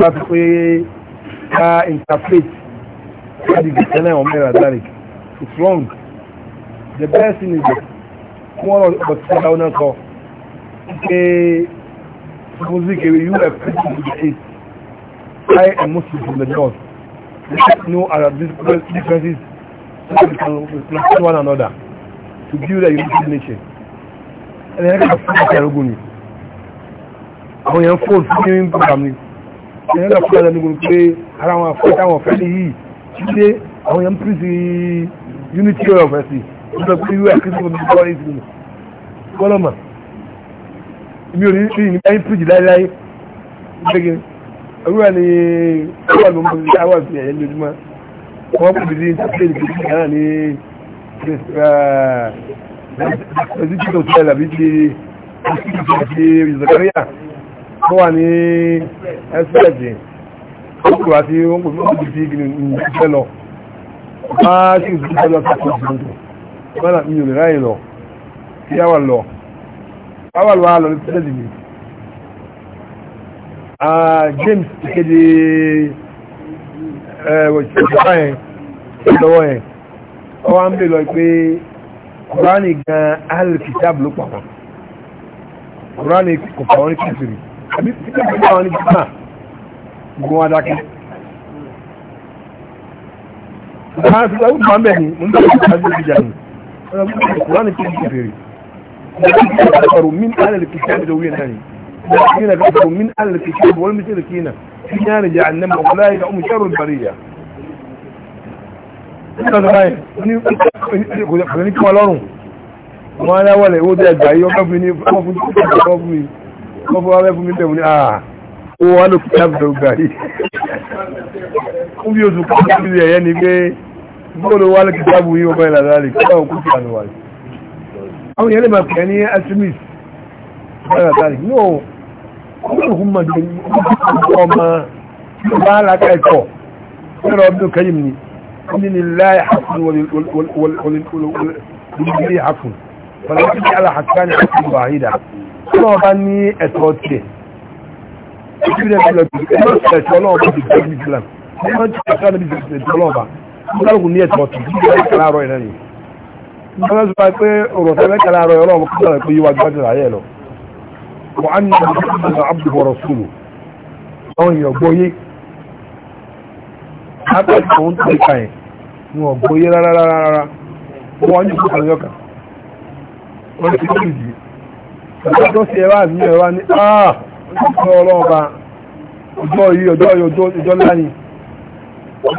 bá fi pé ká interpret ká di gbèsè náà wọ́n mẹ́rin àdáríkì it's wrong the best thing is kí wọ́n lọ sí ọ̀dà ọ̀nà sọ pé music ewe you have preached to the east I am Muslim from the north we should know our differences so that we can respect one another to build a united nation ẹni ẹ̀ka fún ìṣẹ̀rùgùn ni àwọn èèyàn fóònù fún yín program ni ẹ̀yìn náà fúnra ní gbogbo pé ara wọn afẹ́ táwọn ọ̀fẹ́ ní yìí ṣíṣe àwọn èèyàn pín sí unity of ẹ̀sìn nígbà pé ìwé àkíní gbogbo bí wọ́n ní kọ́lọ́mà èmi ò ní sí ìní báyìí pín jì láéláé gbẹ́gẹ́ òwúrọ̀ ni wọ́n ló mọ̀ sí àwọn àfihàn ẹ̀yẹ lójúmọ́ wọ́n pè mí sí ìtàkùn ìlú kìkì náà ní ẹ̀ẹ́dẹ́gbẹ̀rẹ̀ àbí ti ìtàkùn ìlú tó wà ní ẹ́sẹ̀ẹ̀dì ọkùnrin àti oúnjẹ méjì tí gini ìgbẹ́ lọ bá sí ìgbẹ́ lọ sí ìgbẹ́ mọ́nà mi ò lè ráyè lọ kí á wà lọ á wà lọ lọ ní ẹ́sẹ̀ẹ̀dì mi James kéde ìjọba yẹn lọ́wọ́ yẹn ọwọ́ ń bè lọ pé Kùránì gan alìkìtàbù ló pàpà Kùránì kò pàwọn kìtìrì àbí títẹ̀ pẹ̀lú àwọn níbi náà gbogbo wọn dákẹ́. Àwọn àfihàn ọdún máa ń bẹ̀ ní mo ń bá ìlú ìdájọ́ ìjà ní. Ọ̀rọ̀ mi kò kúránì kí n ti bèrè. Ọ̀rọ̀ mi ní alẹ́ kìí ṣe ìdòwú yẹn náà ni. Ìyẹn náà kọ́ mi ní alẹ́ kìí ṣe ìdòwú yẹn náà ni. Ìyẹn náà jẹ́ àná mọ̀ láyé ọmọ wọ́n fọwọ́ abẹ́ fún mi bẹ̀rù ní àà ó wà ló kí ábùdó gbà rí fún bí oṣù kan tó bí ẹ̀yẹ́ ni pé bóòlù wà ló kí ábù yìí ọba ìlànà rẹ̀ kí wọ́n kú sí àná wà àwọn yẹn máa pè é ní asimis ìlànà rẹ̀ no wọ́n kò mọ̀ ní ọmọ ọba alága ẹ̀kọ́ ẹ̀rọ ni wọ́n ní láì hàfún wọlé wọlé wọlé wọlé wọlé ọlọ́run bá ní ẹ̀tọ́ tiẹ̀ ìpínlẹ̀ ìpínlẹ̀ ìpínlẹ̀ ẹ̀tọ́ ọlọ́run bá ti gbé ní ìpínlẹ̀ wọ́n ti ẹ̀tọ́ níbi ìpínlẹ̀ ọlọ́run bá ọlọ́run ní ẹ̀tọ́ tiẹ̀ ìpínlẹ̀ ìpínlẹ̀ àárọ̀ ìrẹ́ni wọ́n sọ pé ọ̀rọ̀ tẹ́lẹ̀ kẹlẹ̀ àárọ̀ ọlọ́run kọ́ sọ̀rọ̀ pé yíwá gbájú ayé lọ wọ́n á ní ọ̀rọ̀ abdul rasulu àwọn èèyàn gbóyé abẹ́ẹ̀tì òun tó ìka yẹn ni wọ́n gbóyé rárá rárá wọ́n á ní ìpínlẹ̀ ọ̀kan wọ́n ti kú ìdí ọjọ́ sí ẹwà àbí ẹwà ní àà ọlọ́ọ̀bá ọjọ́ yìí ọjọ́ yìí ọjọ́ láàrin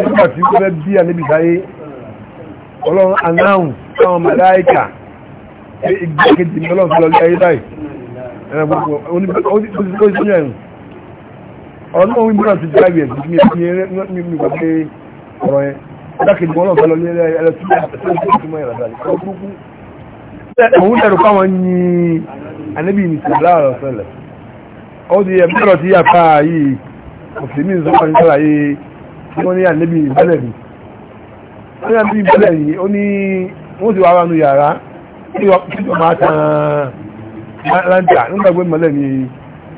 nígbà tí ó fẹ́ bí àníbì sáyé ọlọ́run anáhùn sáwọn màláìkà igbákejì ní ọlọ́run fẹ́lọ́lẹ́ ayé láì ọlọ́run ìmúra ti jáwé ẹ̀ ní ìgbà pé ọ̀rọ̀ yẹn igbákejì ọlọ́run fẹ́lọ́lẹ́ ayé láì òun tẹ̀rù fáwọn ní anábì sallallahu alaihi wasallam ó di ẹ̀mọ́rọ̀ tí yàpá yìí mùsùlùmí sọ́kàn sálàyé tí wọ́n ní anábì ìbẹ̀lẹ̀ ni ó ní anábì ìbẹ̀lẹ̀ ni ó ní wọ́n ti wà wà nù yàrá tí wọ́n máa tàn láńtà nígbà gbé mọ́lẹ̀ ni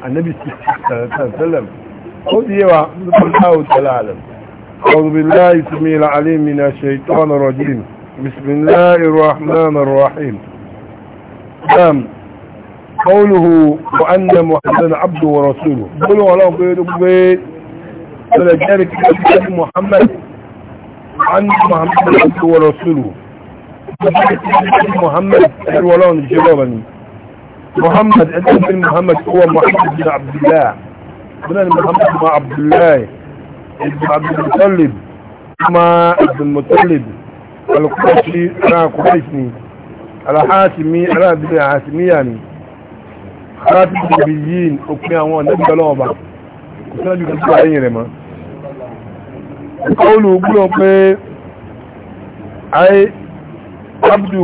anábì sọ́kàn ó di yẹwà sọ́kàn sálàyé أعوذ بالله السميع العليم من الشيطان الرجيم الله الرحمن الرحيم نعم قوله وأن محمدا عبده ورسوله قولوا الله بيد قيد فلذلك محمد عن محمد عبد ورسوله محمد الولان جوابني محمد ادم بن محمد هو محمد بن عبد الله بن محمد مع عبد الله ابن عبد المطلب مع ابن المطلب القرشي انا قريشني alhátìmí aláàbílẹ̀ àhátìmíyà ni aláàbílẹ̀ ibi yìí òpin àwọn ọ̀nẹ́gbẹ̀lọ́ ọba kò sọ́jú kí wà lẹ́yìn rẹ̀ mọ́ ọlù gbúlọ̀ pé ayé abdu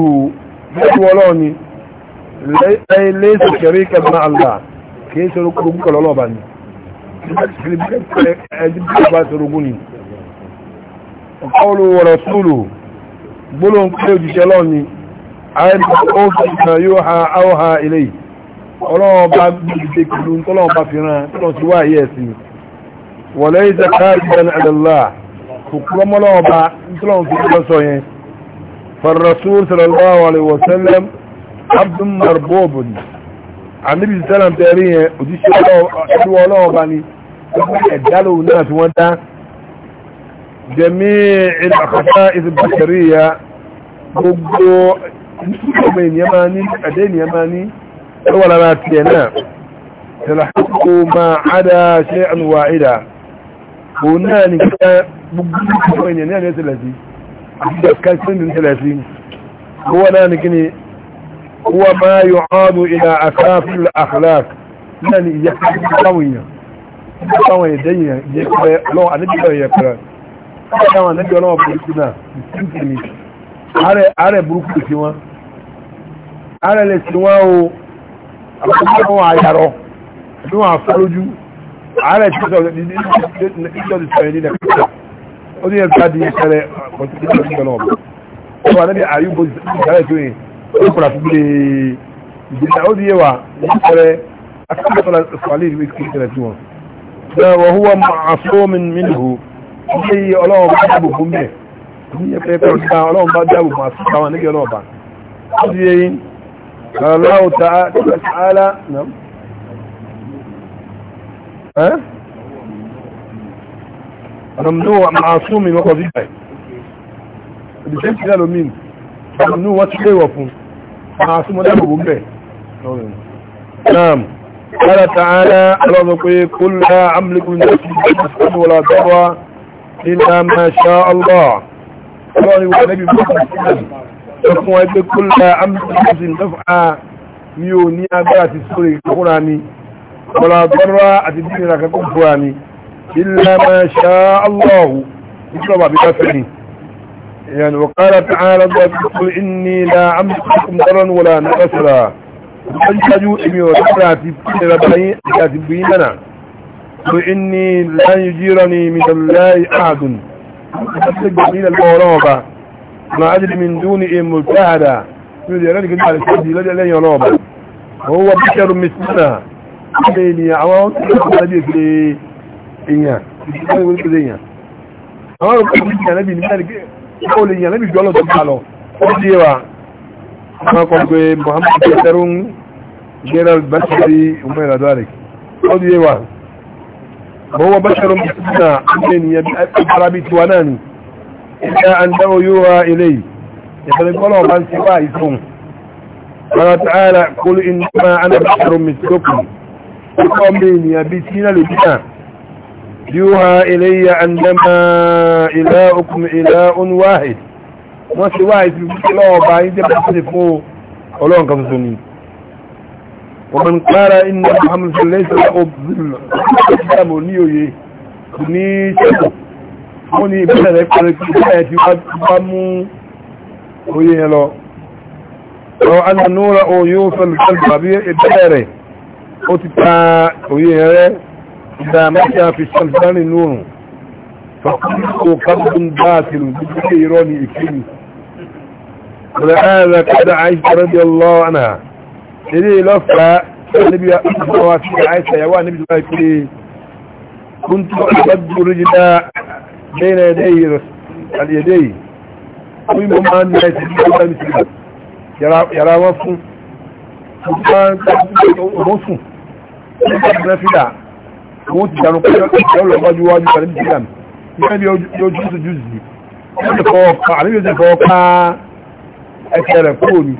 mẹ́tíwọ́lọ́ ni ayé lẹ́sẹ̀ kẹrí kẹfà àlá kìí ṣe orúkú kọlọ́lọ́ọ̀bà ni ọlù wọ̀rọ̀ òjìṣẹ́ lọ́ àwọ̀há ilé ọlọ́wọ́ bá gbígbé kìlú tọ́lọ́wọ́ bá fi rán tọ́lọ́ sí wá ayé ẹ̀sìn wọ̀lẹ́ ìzàkáàrìdàn àdàlá kòkúrọ́mọ́lọ́wọ́ bá tọ́lọ́wọ́ fi lọ sọ yẹn farrasul sallallahu alaihi wasallam abdun marbobin anibi sallam tẹ́rí yẹn òjíṣẹ́ ọlọ́wọ́ bá ní ẹ̀dálò náà tí wọ́n dá jẹ́mí ìlàkàtà ìsìbàṣẹ̀ríyà gbogbo ọmọ ènìyàn máa ní ẹ̀dá ènìyàn máa ní ẹwà lára tiẹ̀ náà tẹ̀láhàkó máa ádá ṣe ànúwà ìdá òun náà ní kíkà gbogbo ọmọ ènìyàn ní ẹ̀dẹ́ tẹ̀lẹ̀ sí àti kásílẹ̀ ní tẹ̀lẹ̀ sí owó náà ní kíni owó máa yọ ọdún ìdá àkáfíl àkàlák náà ní ara lè sí wọ́n o àwọn àyàrọ̀ ní wọ́n àfẹ́lójú ààrẹ tí ó sọ ìdí nàìjíríà ó ní ẹ̀ka di ẹ̀rẹ̀ ọ̀tún ìjọ náà ó wà níbi àyùbó ìsàlẹ̀ tó yìn ó kọ̀rọ̀ fún ilé ìgbésà ó ní ẹwà ní ìṣẹ̀rẹ̀ akẹ́kọ̀ọ́ sọ̀lẹ̀ ìwé kí ìṣẹ̀rẹ̀ tí الله تعالى نعم ها ممنوع معصوم وقضيه بشكل قالوا مين ممنوع وتشيء وفون معصوم ده بمبه نعم قال تعالى الله قل لا املك من نفسي ولا ضر إلا ما شاء الله قال النبي محمد ẹkùn ẹgbẹ́ kólá amúsùlùmí lọ́fà mi ò ní agbára ti sórí ìkọkúnra ni ọ̀rọ̀ àbọ́rọ̀ àti dínira kankan fúra ni ilẹ̀ máa ṣá aláhù nítorí bàbí káfẹ́ ni ìyànà ọ̀kára tí a rẹ̀ gbọ́ bí kúrò ní ما أجل من دونه مجتهدا يقول يا رجل قال سيدي لدي لن ينوب وهو بشر مثلنا بين يعوان نبيك لي إياه يقول لك زي أنا أقول لك يا نبي نبيك قول لي يا نبي شو الله سبحانه قديرا ما قلت محمد بشر غير البشري وما إلى ذلك قديرا وهو بشر مثلنا بين يبقى العربي تواناني إلا أنه يوها إليه يقول الله من سواهكم قال تعالى قل إنما أنا بشر مثلكم قومين يبتين لبنا يوها إلي أنما إلهكم إله واحد wọ́n ti wá ìfi lọ́ ọba yìí jẹ́ pàtàkì fún ọlọ́run kan tuntun ni ọmọ nklára iná muhammadu lẹ́sẹ̀ ọ̀bùnmọ̀ ní òye ní ṣẹ́kọ̀ọ́ wọ́n ní ìbílẹ̀ rẹ̀ pẹ̀lú kí báyẹ̀ ti wá mú orí yẹn lọ lọ anà núra o yóò fẹ́lú kẹlù àbí ìbílẹ̀ rẹ̀ ó ti ta orí yẹn rẹ̀ ìdàmẹ́kì àfi sàlùsàlì lóòrùn fàkúrò kàbùn báàtìlù gbogbo ìrọ́ ni ìkíni rẹ̀ ààrẹ kọ́dà àìsà rẹ̀bí ọlọ́ọ̀nà ilé بين يدي اليدي ومن ما الناس يقول مثل يرى يرى وفو وكان وفو نافلة wọ́n ti dànù pé ọlọ́ ọjọ́ iwájú pẹ̀lú ìsìlám nígbà bí yóò jùsù jùsù wọ́n ti fọwọ́ pa àríwí ti fọwọ́ pa rẹ̀ kúrò ní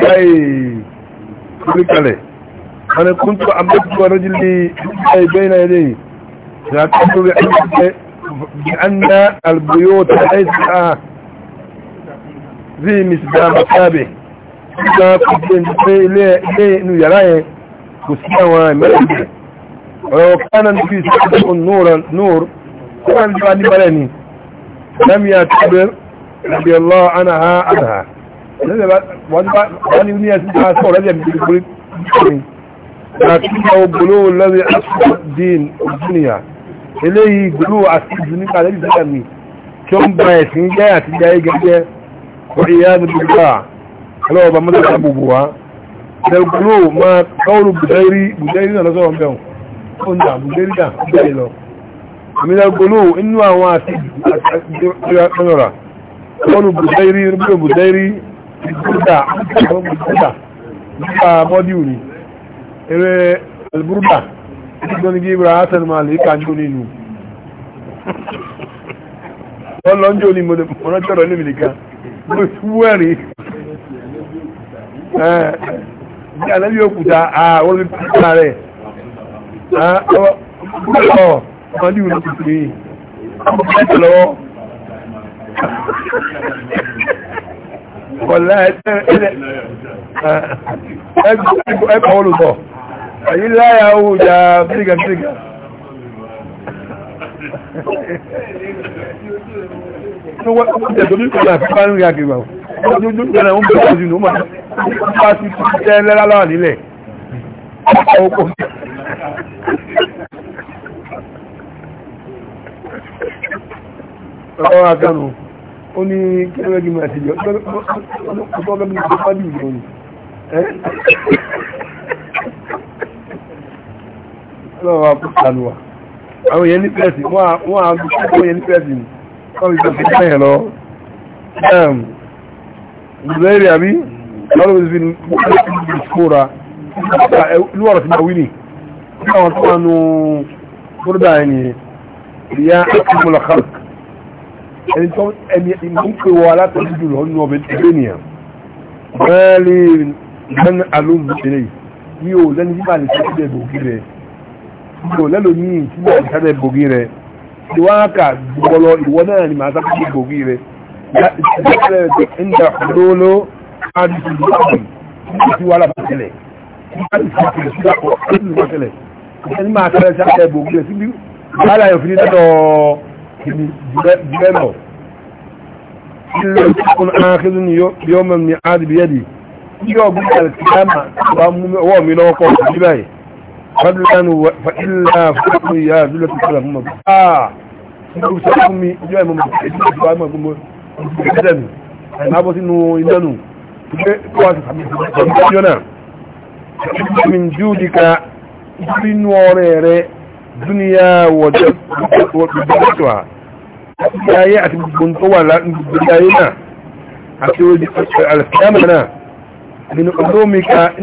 báyìí oríkàlẹ̀ wọn ni بأن البيوت ليس ذي مثل مكابه ìjọ ìgbé ilé inú yàrá yẹn kò sí àwọn ìmẹ́lẹ̀ ọ̀rọ̀ kánà ní fi ìsọ́kùn nóòrò kọ́nà ní wà níbàrẹ̀ ni lẹ́mí àtàbí rabi allah ana ha ana ha wọ́n ní ẹ̀sìn ta sọ rẹ̀ bí i gbogbo ní àti ìgbà ogbòlówó lọ́wọ́ asùn dín òjúnìyà eléyìí ìgbèrú àti ìdù nípa lẹ́yìn sílẹ̀ mi tí ó ń gba ẹ̀sìn jẹ́ àti jẹ́ gẹ́gẹ́ orí ìyá ní bíbá ọlọ́ọ̀bá mọ́tò gbogbo wa ìgbèrú máa kọ́ọ̀rù bùdẹ́rí bùdẹ́rí náà lọ́sọ̀rọ̀ bẹ̀rù ó ní àbùdẹ́rí náà bẹ́ẹ̀ lọ àmìlẹ̀ gbèrú inú àwọn àti ìgbèrú kọ́ọ̀rù bùdẹ́rí rúbíò bùdẹ́rí ìgbèrúdà nípa mọ́díù ni eré alburda ìgbọ́n ní bí Ibrahim Hassan máa lè ká jó nínú wọ́n lọ ń jó ní mọ̀nàjọ́rọ̀ ní mìlíkà ló wẹ́rì ní àlẹ́bí òkúta àwọn olùkọ́ pípa rẹ̀ ọ̀ ọmọdé ìwé tuntun yìí ọmọdé lọ́wọ́ wọ́n láì ẹgbẹ́ ẹgbẹ́ ọlùkọ́ èyí láyà owó ìjà píríkàpíríkà tó wọ́n tẹ̀ tó bí kò náà fífà ń rí agbègbà ojúdú ìgbẹ̀rẹ̀ ń bẹ̀rẹ̀ ojú nùmọ̀ nípa ti tẹ́ lẹ́lá nílẹ̀ ọkọ̀ ọ̀rọ̀ àkànù ó ní kí ló rẹ́gí mọ̀ àtijọ́ ọ̀pọ̀ ọ̀pọ̀ ọ̀pọ̀ ọ̀pọ̀ ọ̀pọ̀ ọ̀pọ̀ ọ̀pọ̀ ọ̀pọ̀ ọ̀pọ̀ ọ̀pọ̀ ọ̀pọ̀ lọ́wọ́ púpàlùwà àwọn èèyàn ní pẹ́ẹ̀sì wọ́n àwọn púpọ̀ èèyàn ní pẹ́ẹ̀sì wọ́n fi pẹ́ẹ̀sì pẹ́ẹ̀ lọ ìgbẹ̀rẹ̀ àbí lọ́rọ̀ ìfin ìfòra lúwọ̀rọ̀ sí àwínì tí àwọn tó wánú búrúdà ẹni ìyá akíkúnlá khark ẹni tó ẹni lẹ́ni yíba lè ṣe kò lẹ́lò ní ìtumọ̀ ìtàdẹ̀ bògì rẹ̀ ìwáàkà gbọ́lọ ìwọ náà ni màá sábà bògì rẹ̀ ìtàdẹ̀ ìjà lóòló àdìsí ìwádìí ìtì wàhálà bàtẹ̀lẹ̀ ìtàdìsí bàtẹ̀lẹ̀ ìtàdìsí máa tẹ́lẹ̀ sábà bògì rẹ̀ síbi wàhálà yóò fi ní dọ́dọ̀ kìíní jùlẹ̀ lọ. ilé ìtàkùn àkẹ́dùn yóò mẹ́rin ní àdìbíyẹ́dì yóò gbé فضلا فإلا فضل يا ذلة السلام هم آه ìlú sọ́kùnmi ìjọ ìmọ̀ mọ̀ ìdílé ìjọba ìmọ̀ gbogbo ìdílẹ́nu àìmábọ́ sínú ìdánù pé kó wá sí sàmì ìjọba min júdìka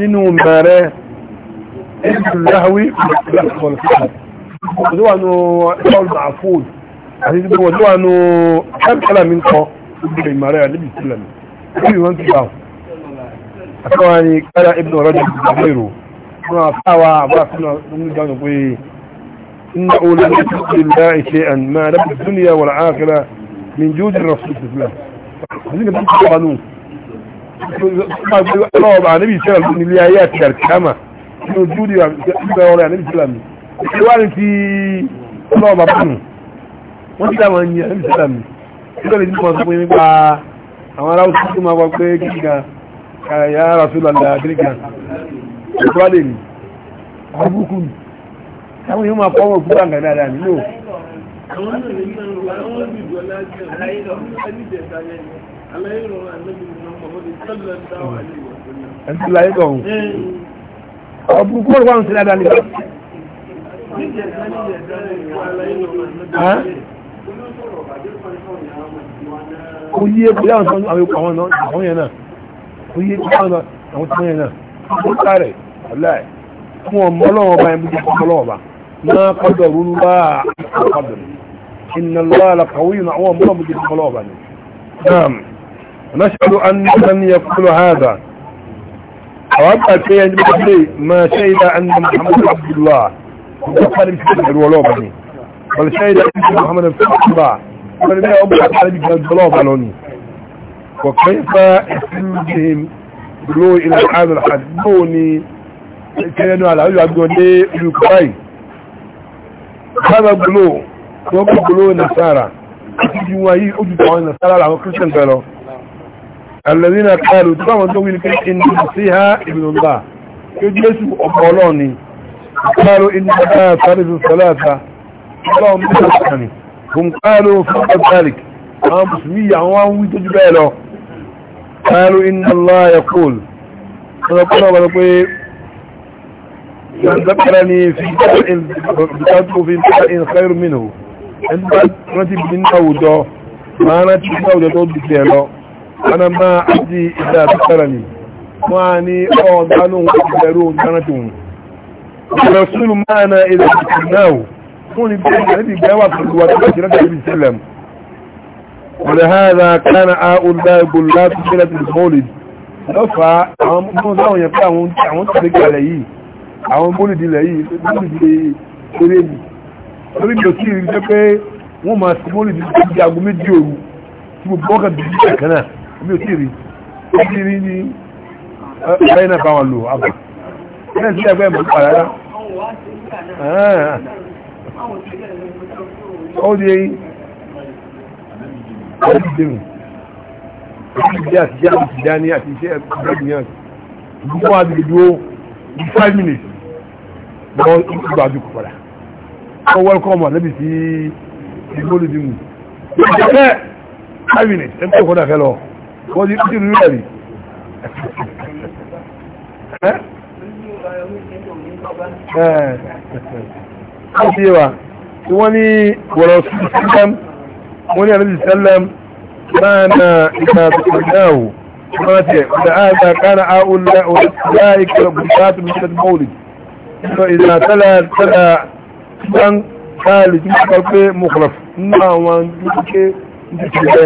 nínú اللهوي والفقه ودوا انه قول معفود عزيز بن ودوا انه كم كلام من قو ابن مريع النبي صلى الله عليه وسلم في وانت أتواني قال ابن رجل الزبير كنا فاوى وكنا نجان قوي إنه لم يتق لله شيئا ما لم الدنيا والعاقلة من جود الرسول صلى الله عليه وسلم هذين بنت قانون الله مع النبي صلى الله عليه وسلم من الآيات الكامة ní ojú ni ìgbà ọ̀rẹ́ àníbi sílámù ìwádìí ti ọlọ́wọ́ bàbá nù wọ́n ti dáwọn ẹni àníbi sílámù ìgbà ìdí kan sọ pé nípa àwọn ará òṣìṣẹ́ tó máa wọ pé kíkà kàyà rasulallá kíríkà ìwádìí ni àbúkù ni àwọn èèyàn máa kọ́wọ́ òkú àǹgà dáadáa nílò àwọn náà lè ní àwọn olùdó aláàjẹ àlàyé ìrọ̀rùn àlẹ́bí ìrọ̀rùn ọmọdé ọ̀bùn kúrò wà ń sí dáadáa nìkan. kò yí epo yá àwọn àwọn àwọn yẹn náà kò yí epo yá àwọn tó yẹn náà ó sáré ọ̀láì fún ọmọ ọlọ́wọ́ ọba yẹn bí náà kọ́dọ̀ rúnú bá àkọ́dọ̀ إن الله لقوي معوى مرمج الخلوبة نعم نشهد أن من يقول هذا ما شهد محمد عبد الله وقال يعني. محمد عبد الله وكيف اسمهم بلو إلى هذا الحدوني كيانوا على عجل عبدوني اليكوي هذا بلو وقال بلو نسارة يجوا هي أجد طوان نسارة على كريستيان بلو الذين قالوا تقام الدوين إن نسيها ابن الله يجلسوا أبولوني قالوا إن لا ثالث الثلاثة اللهم بسرطاني هم قالوا فقط ذلك هم اسمية هم ويتجباله قالوا إن الله يقول ربنا ولقي من ذكرني في بطاقه في بطاق خير منه عندما نتب من أوده ما نتب من أوده تود بكيه ana ma aji ìdá àtúkàrànì wọ́n ni ọ̀dánú ìgbẹ̀rú gánàtìun rasulu máa na ilẹ̀ ìtìnáwó fún ni bí i àti gbẹ́wà pẹ̀lú wàtàkì jìnà tàbí sílẹ̀m wọ́n hàrá kánà àúdá gbòlá tó bẹ́rẹ̀ ti mọ́lì lọ́fà àwọn mọ́sáwọn yẹn pé àwọn tàbí kalẹ̀ yìí àwọn mọ́lìdì lẹ̀ yìí mọ́lìdì eré mi torí mi ò mi ò tíì rí tíì rí ní ẹ̀yìn náà bá wọn lò àbà ẹ̀yìn sí ẹgbẹ́ ìmọ̀ nípa rárá ó di eyín ó di dèrò ìdíjẹ́ àtijọ́ àti ìdání àti iṣẹ́ ìgbàgbìyàn gbogbo àdìgbò dúró ní five minutes wọ́n gbogbo àdìgbò padà wọ́n welcome ànábì sí ìgbólódìmù ìjọba five minutes ẹgbẹ́ ìkọ́dà fẹ́ lọ wọ́n di títí rírú ẹ̀rí. wọ́n ti yé wa tí wọ́n ní wọ̀rọ̀ sísẹ́lẹ̀m wọ́n ní àlejò sẹ́lẹ̀m náà na ìgbà tuntun náà wò wọ́n ti yẹ wọ́n àgbà kánà àwòlá òṣìṣẹ́ ìkẹlẹ̀ bùkátù mẹ́tẹ́tì mọ́wùlì ìgbà tẹ́lẹ̀ tẹ́lẹ̀ tán káàlì tí wọ́n kọ́ pé mọ̀kọ̀lọ̀fù nínú àwọn ìdíje ìdíje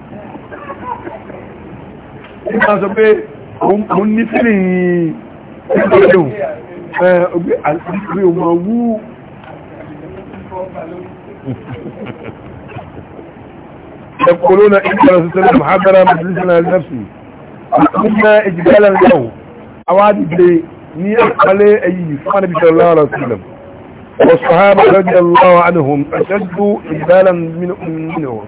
nígbà sọ pé mo ní fílì ìgbẹ̀lẹ̀hùn ọgbẹ́ àgbẹ̀ ọmọ wú يقولون إن رسول الله محاضرة مجلسنا لنفسي قلنا إجبالا له أوادي بلي ni akpale ayi fana bi sallallahu alaihi wasallam wa sahaba radiyallahu anhum ashaddu ibalan min minhum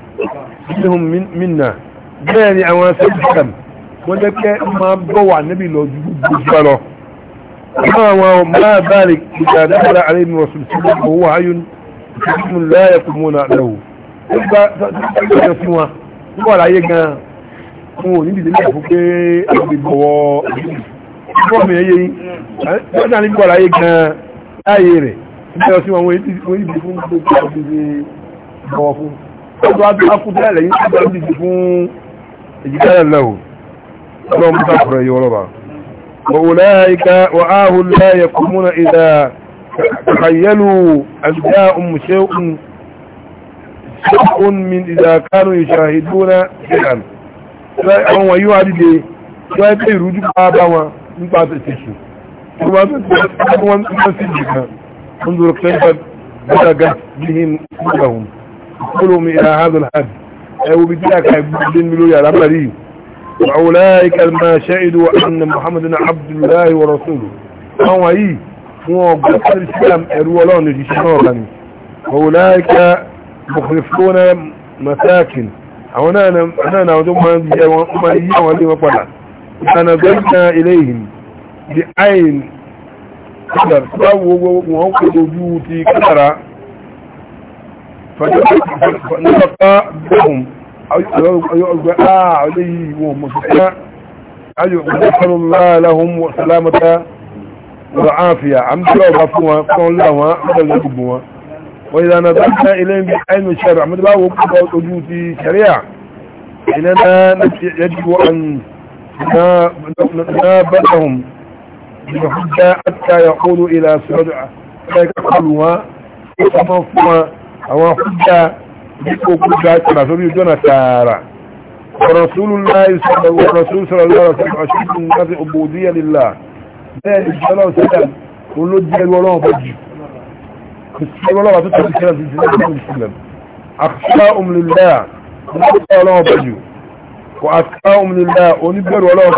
minhum minna yani wọ́n jẹ́ kẹ́ máa bọ́ wà níbi lọ gbogbo lọ àwọn máa báàlì ìjà dábàrà àrẹ́mi rọ̀sùn tí wọ́n wà áyún ìtìkùn láyẹ̀ kò mọ́nà lẹ́wọ̀ nígbà tó ń fún wa wọ́n wà láyé gan-an wọn ò pé àgbè bọ̀wọ̀ fọ́ọ̀mù yìí wọ́n ní wà láyé gan-an láyé rẹ̀ nígbà tí wọ́n wọ́n dìde fún gbogbo àgbègbè bọ̀wọ̀ fún wọ́n tó wá tó wá kú اللهم تغفر يا رب واولئك وآه لا يقومون اذا تخيلوا ان جاءهم شيء شيء من اذا كانوا يشاهدون شيئا àwọn wọ̀nyí wà dìde tí wọ́n pè ìrújú bá bá wọn nípa tẹ̀sù tí wọ́n tó wọ́n tó sí jìkà ń dúró kẹfà gbọ́dàgà bíhìn gbọ́dàhùn kúrò mi ìhà hàzùn hàd ẹwù bí tí a ka ẹgbẹ́ lórí àlámàrí yìí وأولئك ما شهدوا أن محمد عبد الله ورسوله هو أي هو قصر الإسلام الولون الشنوراني وأولئك مخلفون مساكن هنا أنا أنا أنا أنا أنا فنزلنا إليهم بعين أنا أنا أنا أنا أنا أنا بهم أيعب عليهم وسكاء أيعب الله لهم وسلامة والعافية عم جواب فوا قول لهم ولا آه، لبوا آه. وإذا نظرنا إليهم بعين الشرع من لا وقت وجود شريعة إننا يجب أن نابلهم بحجة حتى يقولوا إلى سرعة لا يقولوا آه. وصفوا أو حجة dípò kúta ìtura sórí ojú ọ̀nà tààrà Rasulullah Rasul sallallahu alaihi wasallam aṣíkùn láti ubudiyya lillah bẹ́ẹ̀ ni ìjọlọ́ sílẹ̀ olójú ẹrú ọlọ́run bọ̀ jù ìṣẹ́rú ọlọ́run tó tẹ̀lé sílẹ̀ sí ìṣẹ́lẹ̀ sí ìṣẹ́lẹ̀ àkṣá òmìnira ọlọ́run bọ̀ jù kò àkṣá òmìnira oníbẹ̀rù ọlọ́run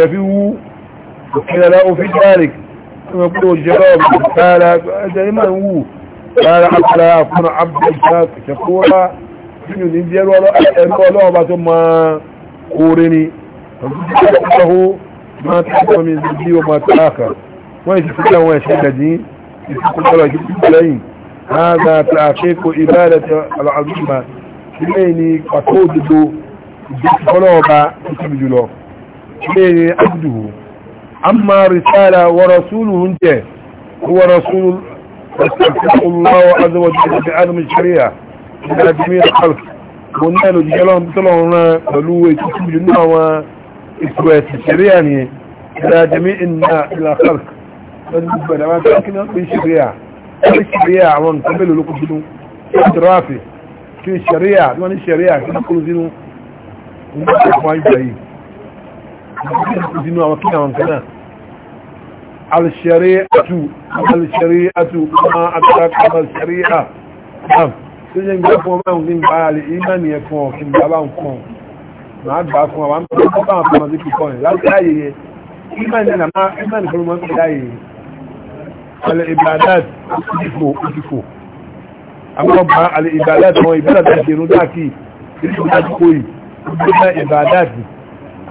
bọ̀ jù وقيل له في ذلك يقول جواب قال دائما هو قال حتى لا عبد شاكر شكورا يقول انجيل ولو بعد ما قورني ما تحكم من زبدي وما تآخر وين تفكر وين شددي يقول له هذا تعقيق إبادة العظيمة إليني قطود الدو الدو فلوبا يتبجلو إليني عبده أما رسالة ورسوله انت هو رسول الله عز وجل بعالم الشريعة إلى جميع الخلق ونالو جلهم بطلعنا بلوه تسمي جنوة إسوات الشريعة إلى جميع الناس إلى الخلق فنجب لما تأكنا بالشريعة الشريعة وان قبلوا لكم جنو اعترافي في الشريعة وان الشريعة كنا كل جنو ونالو جنوة sínú àwọn kí àwọn kanáà alṣari'atu alṣari'atu ma àtàkà alṣari'a náà tó yẹ gbá fún ọmọ òun gbá alẹ́ ìmẹ́ni ẹ̀kùn ọ̀kìn bàbá nǹkan máa gbà fún àwọn ọmọ ọmọ sí kíkọ́ ẹ̀ láti ayẹyẹ ìmẹ́ni fọlọmọ sí ayẹyẹ alẹ́ ìbàdàd ìdìfò ìdìfò àwọn ọba alẹ́ ìbàdàd àwọn ìbàdàd ìdìrún dákì ìdìfò dákì kóyì ìbàdàd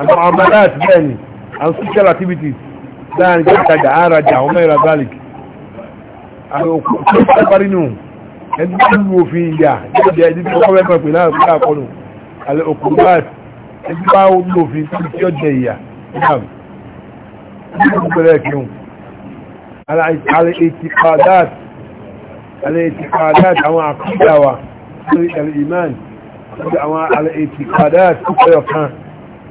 àwọn amalat bẹ́ẹ̀ ni àwọn social activities láàrin jákèjá àràjà ọmọ ìrà garlic àwọn òkú tó bá parí nù ẹni tó lu òfin ìyà jáde ẹni tó kọ́ mẹ́fà pè láàrin fún àkọlù àlẹ òkú bá ẹni bá lu òfin tó ti ọjẹ ìyà náà ní ìlú pẹ̀lẹ́ kírun àlẹ ìtìkàdát àlẹ ìtìkàdát àwọn àkúndà wa lórí ẹ̀rọ ìmáàn àwọn àlẹ ìtìkàdát tó fẹ́ ọ̀kan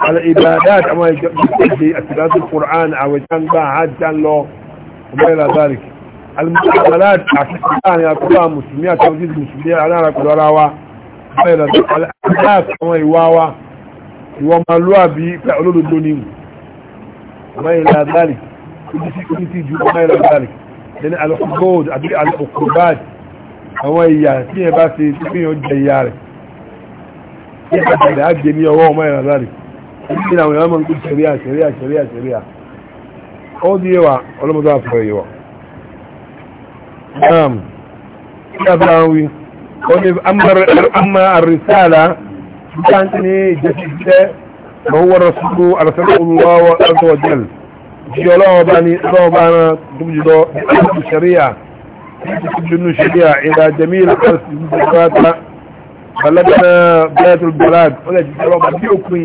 على عبادات اما يجي اتباعات القرآن او جنبا حجا له وغير ذلك المعاملات القرآن يا قرآن مسلمية توجيد المسلمية على ركض وراوة غير ذلك الأحداث اما يواوة يومالوا بي فعلول الدنيا غير ذلك يتيجوا غير ذلك لأن الحدود أدري العقوبات هو إياه فيه بس فيه جيارك فيه بس العجل يوم غير ذلك ìdílé àwọn èèyàn máa ń kú ṣẹ̀ríà ṣẹ̀ríà ṣẹ̀ríà ṣẹ̀ríà ó di ẹwà ọlọ́mọdé àfẹ́ ìwà naam kí abúlé àwọn wí ó ní amma àrísàlá nígbà tí ní ìjẹsíṣẹ́ ma wọ́n rasúlú àrẹsẹ́lú olùwàwọ̀ azọ́jẹ́l jí ọlọ́wọ́ bá ní ọlọ́wọ́ bá rán dúbùjọ́ ìlú ṣẹ̀ríà جنو شريعة الى جميل قرص المتفاتة بلدنا بلاد البلاد ولا جدوا بديوكي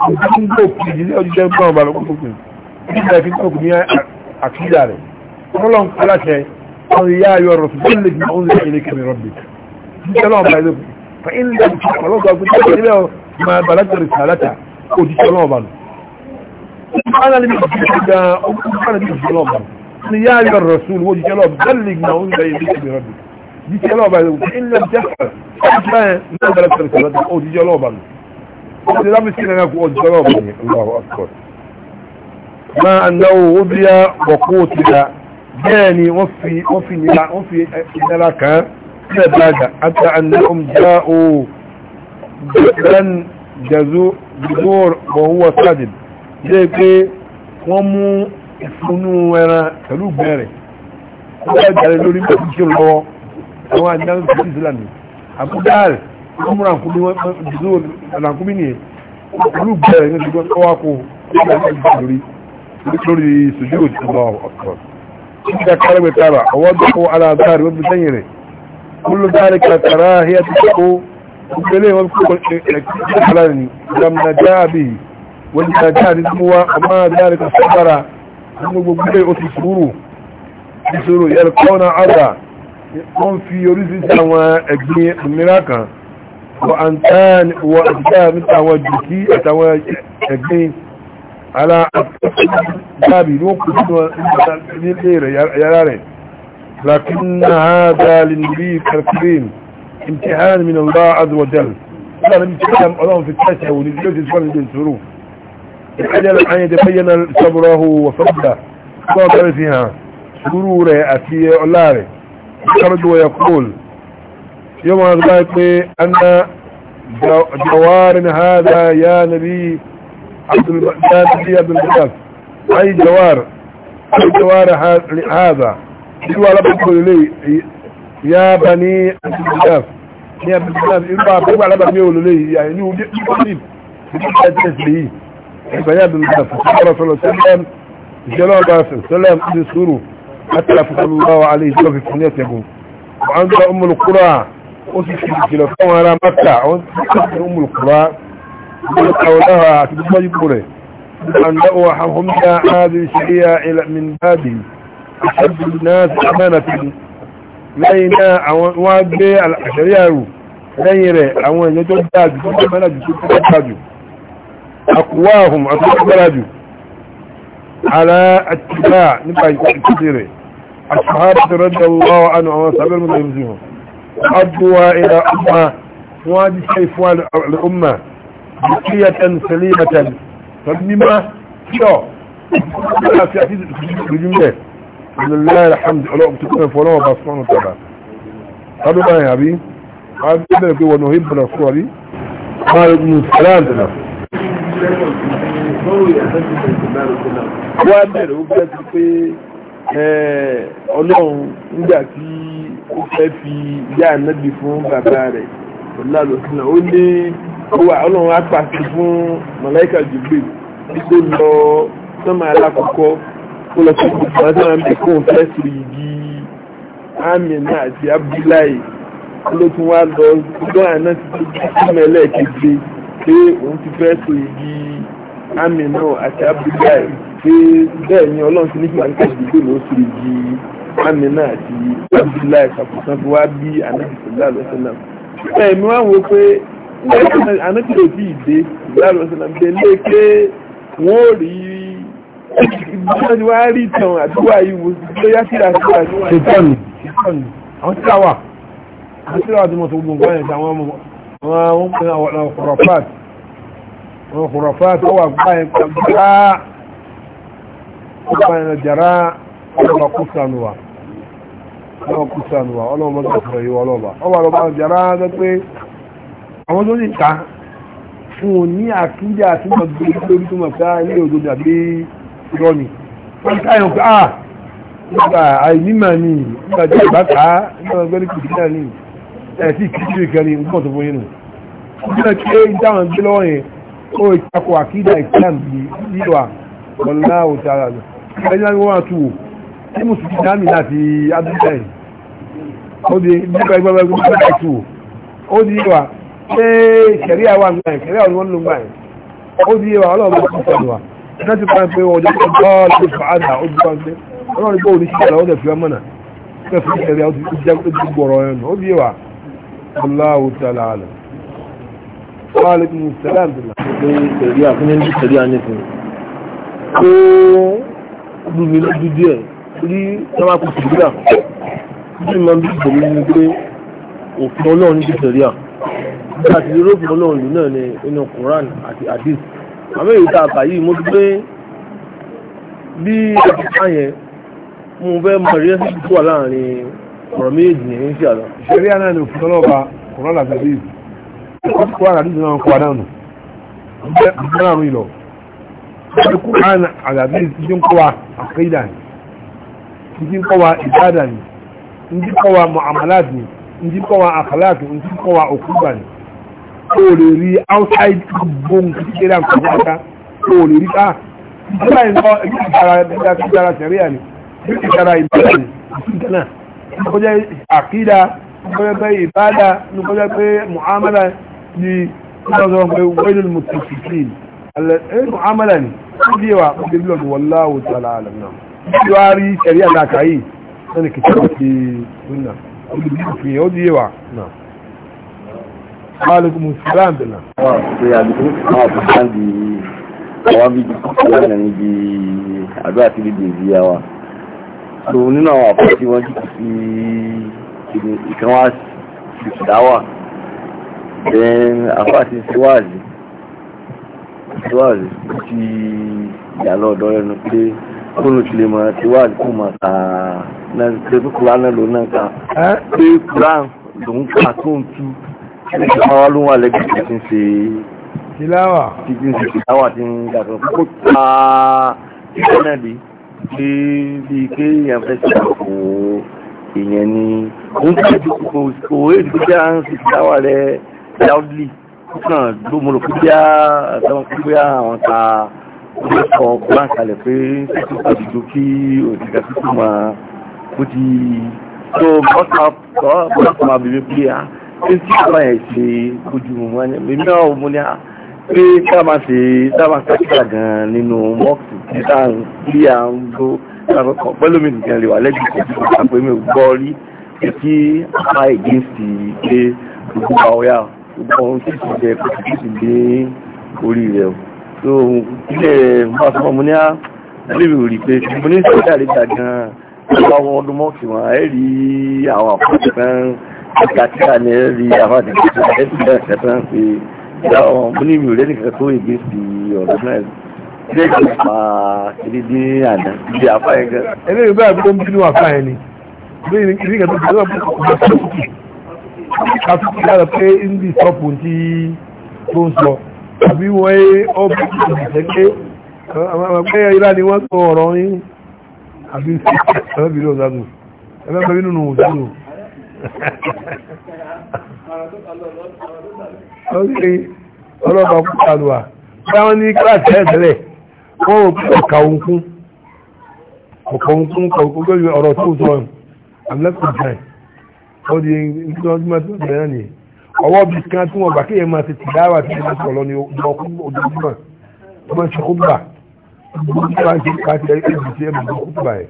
ìdílé ìdílé ọjọ́ gbọ́n ọba lọ́kọ́ tó kùn nígbà ìfi tó kùn ní àkídà rẹ̀ ọlọ́n aláṣẹ ọ̀rọ̀ ìyá ayọ̀ rọ̀ fún ilé ìgbà oúnjẹ ilé kẹmí rọ̀bì nígbà ọlọ́n ọba ẹ̀dọ́ fa ilé ìgbà ọlọ́gbà gbé tó ilé ọmọ balata rẹ̀ sàlátà òjijì ọlọ́n ọba lọ. ọ̀nà níbi ìjìjì gan ọ̀nà níbi ìjìjì ọlọ́n ọba lọ. ọ̀nà ìyá ayọ̀ rọ̀ sùn òjijì ọlọ́n ọba ilé ìgbà oúnjẹ ilé kẹmí rọ̀bì وقد لم يسكن والجواب الله أكبر ما أنه وضي وقوتها جاني وفي وفي نلا وفي نلاك سباجة حتى أنهم جاءوا بأن جزو جزور وهو ساجد جيكي ومو ìfúnnú ẹran pẹ̀lú bẹ̀rẹ̀ wọ́n jẹ́ jàre lórí mẹ́sìnkí lọ́wọ́ àwọn àjẹ́ ìsìlámi àbúdáàrẹ̀ ọmọ ràkúnmí wọn dùdú ràkúnmí nìyẹn olú bẹ̀rẹ̀ ní ṣùgbọ́n tó wá kó lórí lórí ìṣòjú òjò lọ ọ̀kan nígbà kárẹ́gbẹ̀ tààrà ọwọ́ dọ́kọ̀ aláàbáàrí wọ́n fi sẹ́yìn rẹ̀ kúlù dárí kàtàrà ahíyá ti kó gbélé wọn kó ẹ̀kọ́ ní ìjàmùnà jáàbì wọn ni nàìjíríà ní mú wa ọmọ dárí kàtàrà nínú gbogbo ilé oṣù sùúrù àwọn ẹ̀gbin òmìnira kan وأنتان وأجاب من توجهي اتواجد الدين على أبي نوقف من يا يلارين لكن هذا للنبي الكريم امتحان من الله عز وجل لا لم يتكلم الله في التاسع ونزلوه تسوان من الظروف الحجل أن يتبين صبره وصبره صبر فيها سروره أتيه الله خرج ويقول يوم لي أن جوار هذا يا نبي عبد الب... يا عبد البلاس أي جوار أي جوار هذا الله بقول لي يا بني عبد البلاس يا عبد البلاس إلوى لبك يقول لي يعني يقول لي تسبيه عبد النفس صلى الله سلام جلال باسم سلام بسرو حتى فصل الله عليه وسلم في فنيات يقول وعند أم القرى ó ti fi ìjìnlẹ̀ fún ara mẹ́ta ó ti fi ọmọ ìkùrá ìgbàláwà àti gbogbo ipò rẹ̀ أنه حمد هذه الشريعة من بابه أحب الناس أمانة لينا وابي الشريعة غير أوان يجب داج أمانة داج أقواهم أتبراج على اتباع نبقى كثيرة الصحابة رضي الله عنه وصحابة المتهمزين وعدوها إلى أمه وهذه سيف الأمة بقية سليمة فبما شو في عزيز الجملة لله الحمد الله بتكون فلوه بصنع وتعالى قالوا ما يا أبي قال ابنك ونهب الأصواري قال ابن السلام تنفس wọ́n bẹ̀rẹ̀ ó bẹ́ẹ̀ ti ó fẹ́ fi yá ànábì fún bàbá rẹ̀ ọ̀làlọ́sílẹ̀ ó ní ọwọ́ ọlọ́run á pàṣẹ fún màláìkà Jibril tó lọ sọ́mà alákọ̀ọ́kọ́ ó lọ sí gbogbo àwọn sọ́mà mi kó fẹ́ sórí igi Amina àti Abdullahi ló tún wá lọ gbọ́n àná ti tó bí sọ́mà ẹlẹ́ẹ̀keje pé òun ti fẹ́ sórí igi Amina àti Abdullahi pé bẹ́ẹ̀ ni ọlọ́run ti ní kí màláìkà Jibril ló sórí igi amina àti abdullahi kàkùsàn fi wá bí anabi sọlá lọsọlá ẹ̀mí wá wo pé anabi ò tí ì dé sọlá lọsọlá ń tẹ̀lé pé wọ́n ò rí ìgbésẹ̀ ni wọ́n á rí ìtàn àdúrà yìí wò sí pé yá síra síra ní wọ́n. ṣètọ́nù ṣètọ́nù àwọn síra wà àwọn síra wà tí mo tó gbogbo ẹ̀ sí àwọn ọmọ wọn pè ní àwọn ọ̀rọ̀fàt wọn ọ̀rọ̀fàt ọwà báyìí pàgbà ọ̀pàyàn jàrá ọ̀pàkùsànù wa ọlọ́run kú sànù wa ọlọ́run mọ́tò ọ̀fọ̀rọ̀ yìí ọlọ́ba ọba ọlọ́ba jàrá sọ pé àwọn tó ti ta fún un ní àkíjà àti ọdún lórí tó mọ̀ pé ah, ilé òdo dàbí ìrọ́nì wọ́n ká yàn pé ah nígbà àìnímọ̀ ni nígbà jẹ́ ìbáta nígbà tí mo sì ti dámì láti abúlé ó di nípa ẹgbẹ́ ẹgbẹ́ ẹgbẹ́ ẹgbẹ́ ẹ̀tù ó di wa ṣé ṣẹ̀ríà wà nígbà yẹn ṣẹ̀ríà wọn ló ń gbà yẹn ó di wa ọlọ́run ló ń sọ̀rọ̀ wa iná ti pa pé ọjọ́ tó bọ́ ló fà á dà ó di wa pé ọlọ́run gbọ́ oníṣẹ́ ìlà ó dẹ̀ fi ọmọ náà fẹ́ fún ṣẹ̀ríà ó ti jẹ́ ó ti gbọ̀rọ̀ yẹn ó di wa aláwo ti àlà àlà. Wàhálẹ́kùn rí sábà kò sí ìgbéra bí mo bí ìgbèrè ni pé òfin ọlọ́run ní kìtẹ̀ríà bí àti irú òfin ọlọ́run yìí náà ni inú Quran àti hadith àmọ́ èyí tá a kà yìí mo ti pé bí àtìká yẹn mo fẹ́ mọ ìrírí ẹsẹ̀ tó wà láàrin ọ̀rọ̀ méjì yẹn ń ṣe àlọ́. ìṣeré àná ni òfin ọlọ́ba Quran àti hadith ó ti kó àdàdì náà kó àdánù àbúrò àrùn ìlọ ó ti kó àdàdì tí ń kó wa àkéyìdá yìí ní kọ́ wa ìbádà ni ní kọ́ wa mu'amalat ni ní kọ́ wa akhlaq ni ní kọ́ wa òkúgbà ni o lè rí outside gbogbo kékeré àkókò àká o lè rí ká ìjọba ìkọ́ ìjọba ìjọba ìjọba sẹ̀ríà ni ìjọba ìbádà ni ìjọba ìkọjá àkídà ìkọjá pé ìbádà ìkọjá pé mu'amala ni ìjọba pé wẹ́lú mùtìsìkì mu'amala ni ó bí wa ó bí lọ́dún wallahu ta'ala alam náà bí wàá rí sẹ̀rí àdàkà yìí wọ́n ní kìtìkì ti sunna olùbí òfin yẹn ó di yẹwà náà. Maaleykum salaam bẹ̀rẹ̀. Wọ́n ṣe àdúgbò náà fún sáǹdì àwọn bíi aláìní níbi àdúrà tí lè dèjì yá wa. So nínú àwọn àpò tí wọ́n jìkì sí ìkan wá dáwà. Then àpò àti síwáàzì síwáàzì ti yà lọ́dọ̀ ẹnu pé olùsìlè máa ti wá àdìkú máa ta náà ṣe bí kùránà ló náà ta pé kùrán ló ń pa tó ń tú ṣe àwọn ló wà lẹ́gbẹ̀ẹ́ tí ń ṣe tìláwà tí ń ṣe tìláwà tí ń dàgbà kó ta ìṣẹ́ náà dé pé bíi pé èèyàn fẹ́ ṣe àpò èèyàn ni òun tí kò kò èdè bí a ń ṣe tìláwà rẹ̀ loudly kó kàn gbómọlò kó bí a àtàwọn kó bí a ta ó sọ plan kalẹ̀ pé títí àdìjọ kí òdìgà títí máa ó ti tó bọ́sà bọ́sà máa bèbè pé á ah, pé tí a máa ṣe ojú wọn ni èmi náà mo ní à ah, pé tá a máa ṣe tá a máa ṣàkíyà gan nínú mọ́ọ̀kì tí tá a ń bí à ń gbó lábẹ́kọ̀ pẹ́lú nìkan lè wà lẹ́gbẹ̀ẹ́ tí a pè gbọ́ rí tí a máa pé gbogbo àwọn ya gbogbo ohun tí kò jẹ kò sì so ilé ìfọ́sọ́mọ́ ah, mo ní á lérò rí pé mo ní sọ́jà rí gbà gan-an nípa àwọn ọdún mọ́ọ̀kì wọn ẹ rí àwọn àpòjù kan àkàtà ni ẹ rí àwọn àdìgbò tó ẹ sì bẹ̀rẹ̀ kẹta tó ègbé sí ọ̀dọ́ náà ilé ìgbà pa kiri ní àná ibi àfa yẹn gan. eléyìí báyìí bí wọ́n ń bínú àfa yẹn ni bí ní kí n kàn tó bí wọ́n bá kọ́ ká tó kí lára pé ń bí àbí wọ́n yé ọ́bí ìṣẹ́gbé àgbẹ́ ìlà ni wọ́n tó ọ̀rọ̀ yín àbí ìṣẹ́gbẹ̀rẹ̀ ọ̀dánù ẹgbẹ́ nínú òdánù ọlọ́pàá púpàlùwà báwọn ní kíláàsì ẹ̀ẹ́sẹ̀lẹ̀ wọ́n rò pé ọ̀kà òǹkún ọ̀kà òǹkún ọ̀rọ̀ tó sọ àmì lẹ́kùn jẹ́ ọdí ìgbìyànjú mẹ́tọ́ bẹ̀rẹ̀ nìyẹn ọwọ́ bíi kan tí wọ́n gbà kéèyàn máa ti tìdáwà tí wọ́n sọ lọ ní ojoojúmọ́ ọmọ ṣe kó gbà gbogbo tí wọ́n ti ká ti ẹ̀ ẹ̀ ti ẹ̀ mọ̀ kó gbà ẹ̀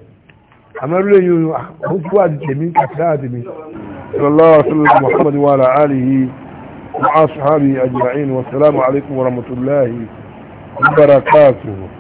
àmọ́ ilé yìí ó ti wá tèmi kàtìdáwà tèmi. sallallahu alaihi wa sallam muhammad wa ala alihi wa ashabi ajma'in wa salaamu alaykum wa rahmatulahi wa barakatuhu.